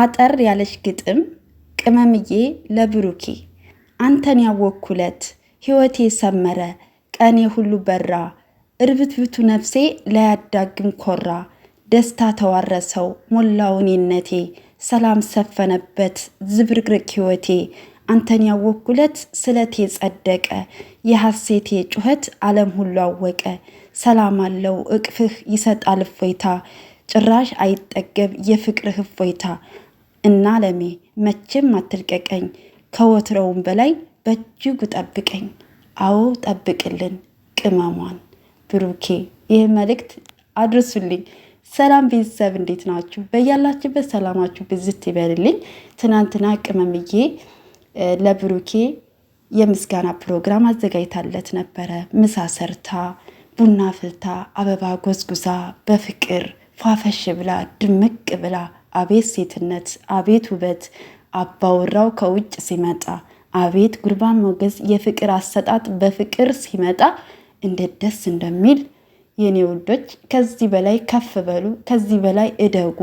አጠር ያለች ግጥም ቅመምዬ ለብሩኬ አንተን ያወኩለት ህይወቴ ሰመረ ቀኔ ሁሉ በራ እርብትብቱ ነፍሴ ላያዳግም ኮራ ደስታ ተዋረሰው ሞላውን የነቴ ሰላም ሰፈነበት ዝብርቅርቅ ህይወቴ አንተን ያወኩለት ስለቴ ጸደቀ የሐሴቴ ጩኸት ዓለም ሁሉ አወቀ ሰላም አለው እቅፍህ ይሰጣል እፎይታ ጭራሽ አይጠገብ የፍቅርህ እፎይታ እና ለሜ መቼም አትልቀቀኝ፣ ከወትረውም በላይ በእጅጉ ጠብቀኝ። አዎ ጠብቅልን ቅመሟን። ብሩኬ ይህ መልእክት አድርሱልኝ። ሰላም ቤተሰብ እንዴት ናችሁ? በያላችሁበት ሰላማችሁ ብዝት ይበልልኝ። ትናንትና ቅመምዬ ለብሩኬ የምስጋና ፕሮግራም አዘጋጅታለት ነበረ። ምሳ ሰርታ፣ ቡና ፍልታ፣ አበባ ጎዝጉዛ፣ በፍቅር ፏፈሽ ብላ ድምቅ ብላ አቤት ሴትነት፣ አቤት ውበት! አባወራው ከውጭ ሲመጣ አቤት ጉርባን ሞገስ! የፍቅር አሰጣጥ በፍቅር ሲመጣ እንዴት ደስ እንደሚል! የኔ ውዶች ከዚህ በላይ ከፍ በሉ፣ ከዚህ በላይ እደጉ፣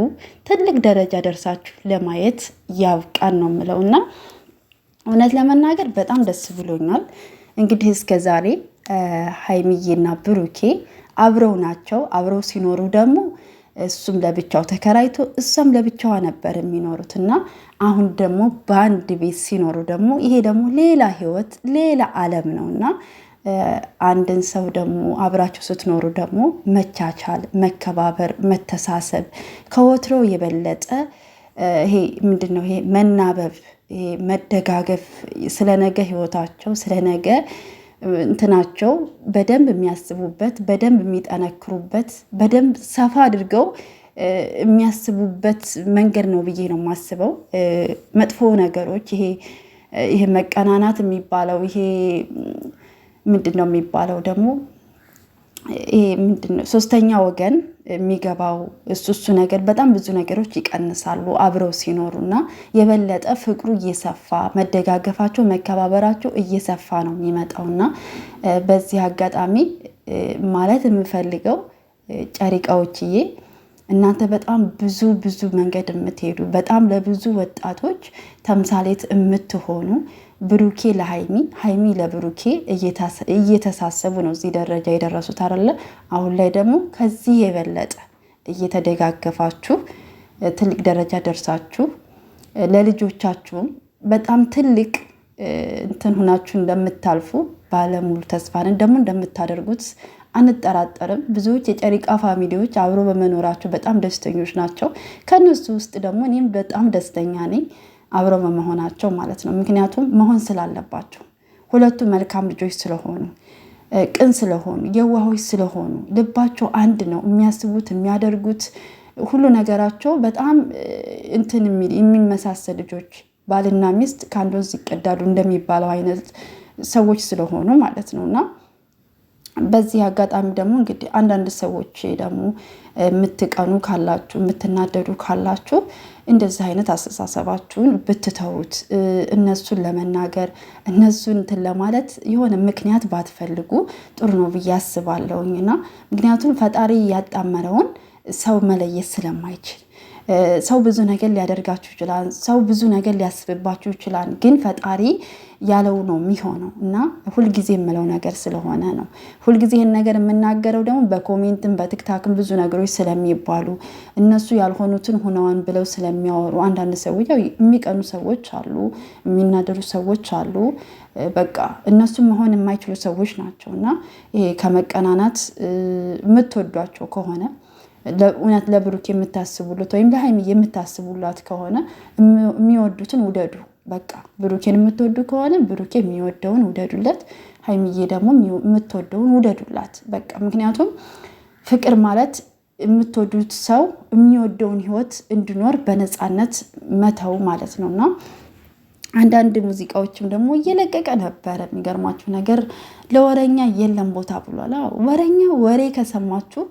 ትልቅ ደረጃ ደርሳችሁ ለማየት ያብቃን ነው የምለው እና እውነት ለመናገር በጣም ደስ ብሎኛል። እንግዲህ እስከ ዛሬ ሀይሚዬና ብሩኬ አብረው ናቸው። አብረው ሲኖሩ ደግሞ እሱም ለብቻው ተከራይቶ እሷም ለብቻዋ ነበር የሚኖሩት እና አሁን ደግሞ በአንድ ቤት ሲኖሩ ደግሞ ይሄ ደግሞ ሌላ ህይወት ሌላ ዓለም ነው እና አንድን ሰው ደግሞ አብራችሁ ስትኖሩ ደግሞ መቻቻል፣ መከባበር፣ መተሳሰብ ከወትሮ የበለጠ ይሄ ምንድን ነው ይሄ መናበብ፣ መደጋገፍ ስለነገ ህይወታቸው ስለነገ እንትናቸው በደንብ የሚያስቡበት በደንብ የሚጠነክሩበት በደንብ ሰፋ አድርገው የሚያስቡበት መንገድ ነው ብዬ ነው የማስበው። መጥፎ ነገሮች ይሄ ይሄ መቀናናት የሚባለው ይሄ ምንድን ነው የሚባለው ደግሞ ይሄ ምንድን ነው ሶስተኛ ወገን የሚገባው እሱ እሱ ነገር በጣም ብዙ ነገሮች ይቀንሳሉ አብረው ሲኖሩ እና የበለጠ ፍቅሩ እየሰፋ መደጋገፋቸው፣ መከባበራቸው እየሰፋ ነው የሚመጣው እና በዚህ አጋጣሚ ማለት የምፈልገው ጨሪቃዎችዬ እናንተ በጣም ብዙ ብዙ መንገድ የምትሄዱ በጣም ለብዙ ወጣቶች ተምሳሌት የምትሆኑ ብሩኬ ለሀይሚ ሀይሚ ለብሩኬ እየተሳሰቡ ነው እዚህ ደረጃ የደረሱት አለ። አሁን ላይ ደግሞ ከዚህ የበለጠ እየተደጋገፋችሁ ትልቅ ደረጃ ደርሳችሁ ለልጆቻችሁም በጣም ትልቅ እንትን ሁናችሁ እንደምታልፉ ባለሙሉ ተስፋንን ደግሞ እንደምታደርጉት አንጠራጠርም። ብዙዎች የጨሪቃ ፋሚሊዎች አብሮ በመኖራቸው በጣም ደስተኞች ናቸው። ከእነሱ ውስጥ ደግሞ እኔም በጣም ደስተኛ ነኝ። አብረው በመሆናቸው ማለት ነው። ምክንያቱም መሆን ስላለባቸው ሁለቱ መልካም ልጆች ስለሆኑ ቅን ስለሆኑ የዋሆች ስለሆኑ ልባቸው አንድ ነው። የሚያስቡት የሚያደርጉት ሁሉ ነገራቸው በጣም እንትን የሚል የሚመሳሰል ልጆች ባልና ሚስት ከአንድ ወንዝ ይቀዳሉ እንደሚባለው አይነት ሰዎች ስለሆኑ ማለት ነው እና በዚህ አጋጣሚ ደግሞ እንግዲህ አንዳንድ ሰዎች ደግሞ የምትቀኑ ካላችሁ የምትናደዱ ካላችሁ እንደዚህ አይነት አስተሳሰባችሁን ብትተውት፣ እነሱን ለመናገር እነሱን እንትን ለማለት የሆነ ምክንያት ባትፈልጉ ጥሩ ነው ብዬ አስባለሁኝ እና ምክንያቱም ፈጣሪ ያጣመረውን ሰው መለየት ስለማይችል ሰው ብዙ ነገር ሊያደርጋችሁ ይችላል። ሰው ብዙ ነገር ሊያስብባችሁ ይችላል። ግን ፈጣሪ ያለው ነው የሚሆነው እና ሁልጊዜ የምለው ነገር ስለሆነ ነው። ሁልጊዜ ይህን ነገር የምናገረው ደግሞ በኮሜንትም በቲክታክም ብዙ ነገሮች ስለሚባሉ እነሱ ያልሆኑትን ሆነዋን ብለው ስለሚያወሩ አንዳንድ ሰዎች ያው የሚቀኑ ሰዎች አሉ፣ የሚናደሩ ሰዎች አሉ። በቃ እነሱ መሆን የማይችሉ ሰዎች ናቸው እና ይሄ ከመቀናናት የምትወዷቸው ከሆነ እውነት ለብሩክ የምታስቡለት ወይም ለሀይሚ የምታስቡላት ከሆነ የሚወዱትን ውደዱ። በቃ ብሩኬን የምትወዱ ከሆነ ብሩኬ የሚወደውን ውደዱለት፣ ሀይሚዬ ደግሞ የምትወደውን ውደዱላት። በቃ ምክንያቱም ፍቅር ማለት የምትወዱት ሰው የሚወደውን ህይወት እንዲኖር በነፃነት መተው ማለት ነው እና አንዳንድ ሙዚቃዎችም ደግሞ እየለቀቀ ነበረ። የሚገርማችሁ ነገር ለወረኛ የለም ቦታ ብሏል። ወረኛ ወሬ ከሰማችሁ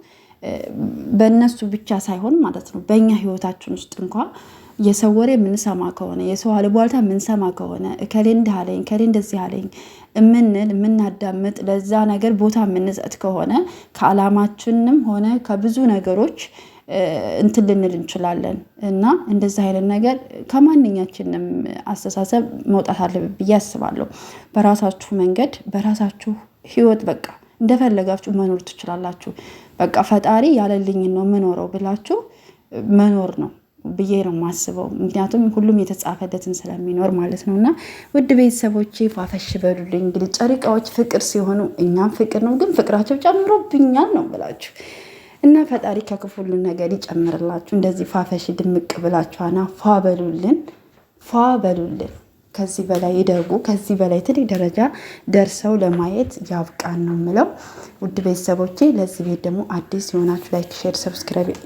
በእነሱ ብቻ ሳይሆን ማለት ነው በእኛ ህይወታችን ውስጥ እንኳ የሰው ወሬ የምንሰማ ከሆነ የሰው አልቧልታ የምንሰማ ከሆነ እከሌ እንዲህ አለኝ እከሌ እንደዚህ አለኝ እምንል የምናዳምጥ ለዛ ነገር ቦታ የምንሰጥ ከሆነ ከዓላማችንም ሆነ ከብዙ ነገሮች እንትን ልንል እንችላለን እና እንደዚህ አይነት ነገር ከማንኛችንም አስተሳሰብ መውጣት አለብን ብዬ አስባለሁ። በራሳችሁ መንገድ በራሳችሁ ህይወት በቃ እንደፈለጋችሁ መኖር ትችላላችሁ። በቃ ፈጣሪ ያለልኝን ነው ምኖረው ብላችሁ መኖር ነው ብዬ ነው የማስበው። ምክንያቱም ሁሉም የተጻፈለትን ስለሚኖር ማለት ነው። እና ውድ ቤተሰቦቼ ፏፈሽ በሉልኝ። እንግዲህ ጨሪቃዎች ፍቅር ሲሆኑ እኛም ፍቅር ነው፣ ግን ፍቅራቸው ጨምሮብኛል ነው ብላችሁ እና ፈጣሪ ከክፉሉ ነገር ይጨምርላችሁ። እንደዚህ ፋፈሽ ድምቅ ብላችኋና ፏ በሉልን፣ ፏ በሉልን። ከዚህ በላይ ይደጉ፣ ከዚህ በላይ ትልቅ ደረጃ ደርሰው ለማየት ያብቃን ነው የምለው። ውድ ቤተሰቦቼ፣ ለዚህ ቤት ደግሞ አዲስ የሆናችሁ ላይክ፣ ሼር፣ ሰብስክራይብ